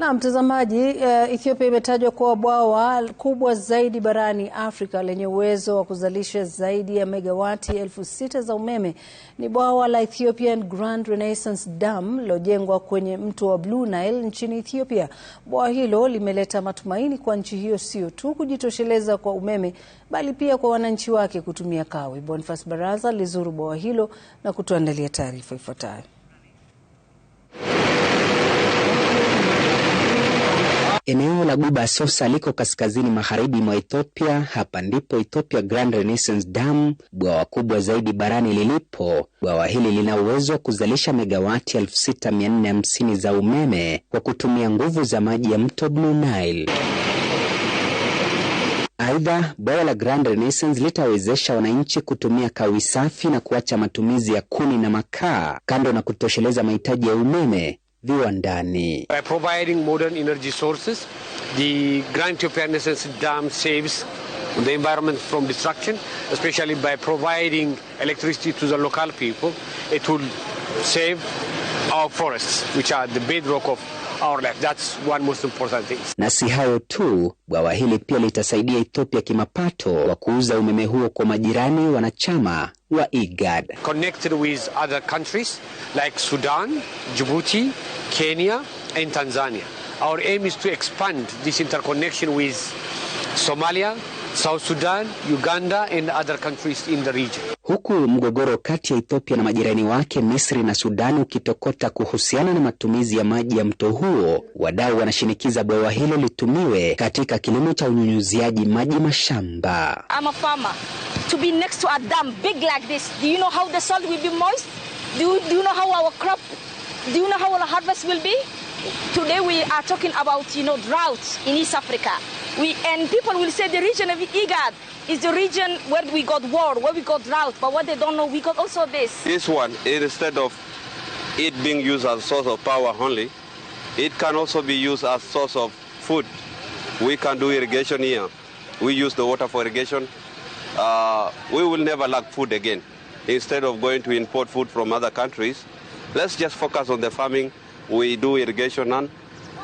Na mtazamaji, eh, Ethiopia imetajwa kuwa bwawa kubwa zaidi barani Afrika lenye uwezo wa kuzalisha zaidi ya megawati elfu sita za umeme. Ni bwawa la Ethiopian Grand Renaissance Dam lilojengwa kwenye mto wa Blue Nile nchini Ethiopia. Bwawa hilo limeleta matumaini kwa nchi hiyo sio tu kujitosheleza kwa umeme, bali pia kwa wananchi wake kutumia kawi. Boniface Baraza lizuru bwawa hilo na kutuandalia taarifa ifuatayo. Eneo la Guba Sosa liko kaskazini magharibi mwa Ethiopia. Hapa ndipo Ethiopia Grand Renaissance Dam, bwawa kubwa zaidi barani lilipo. Bwawa hili lina uwezo wa kuzalisha megawati 6450 za umeme kwa kutumia nguvu za maji ya mto Blue Nile. Aidha, bwawa la Grand Renaissance litawezesha wananchi kutumia kawi safi na kuacha matumizi ya kuni na makaa, kando na kutosheleza mahitaji ya umeme viwandani. By providing modern energy sources, the Grand Tiopianesense Dam saves the environment from destruction, especially by providing electricity to the local people. It will save our forests, which are the bedrock of our life. That's one most important thing. Na si hayo tu, bwawa hili pia litasaidia Ethiopia kimapato wa kuuza umeme huo kwa majirani wanachama wa IGAD. Connected with other countries like Sudan, Djibouti, Kenya and Tanzania. Our aim is to expand this interconnection with Somalia, South Sudan, Uganda and other countries in the region. Huku mgogoro kati ya Ethiopia na majirani wake Misri na Sudan ukitokota kuhusiana na matumizi ya maji ya mto huo, wadau wanashinikiza bwawa hilo litumiwe katika kilimo cha unyunyuziaji maji mashamba. I'm a farmer. To be next to a dam big like this, do you know how the soil will be moist? Do you, do you know how our crop Do you know how our harvest will be? Today we are talking about, you know, drought in East Africa. We, and people will say the region of IGAD is the region where we got war, where we got drought, but what they don't know, we got also this. This one, instead of it being used as source of power only, it can also be used as source of food. We can do irrigation here. We use the water for irrigation. Uh, we will never lack food again. Instead of going to import food from other countries, Let's just focus on the farming. We do irrigation and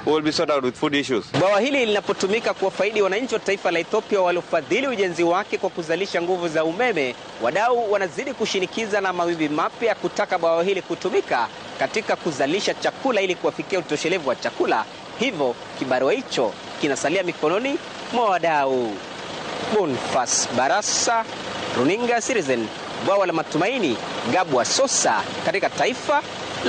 we will be sorted out with food issues. Bwawa hili linapotumika kuwafaidi wananchi wa taifa la Ethiopia waliofadhili ujenzi wake kwa kuzalisha nguvu za umeme, wadau wanazidi kushinikiza na mawimbi mapya kutaka bwawa hili kutumika katika kuzalisha chakula ili kuwafikia utoshelevu wa chakula. Hivyo kibarua hicho kinasalia mikononi mwa wadau. Bonfas Barasa, Runinga Citizen, Bwawa la Matumaini, Gabwa Sosa, katika taifa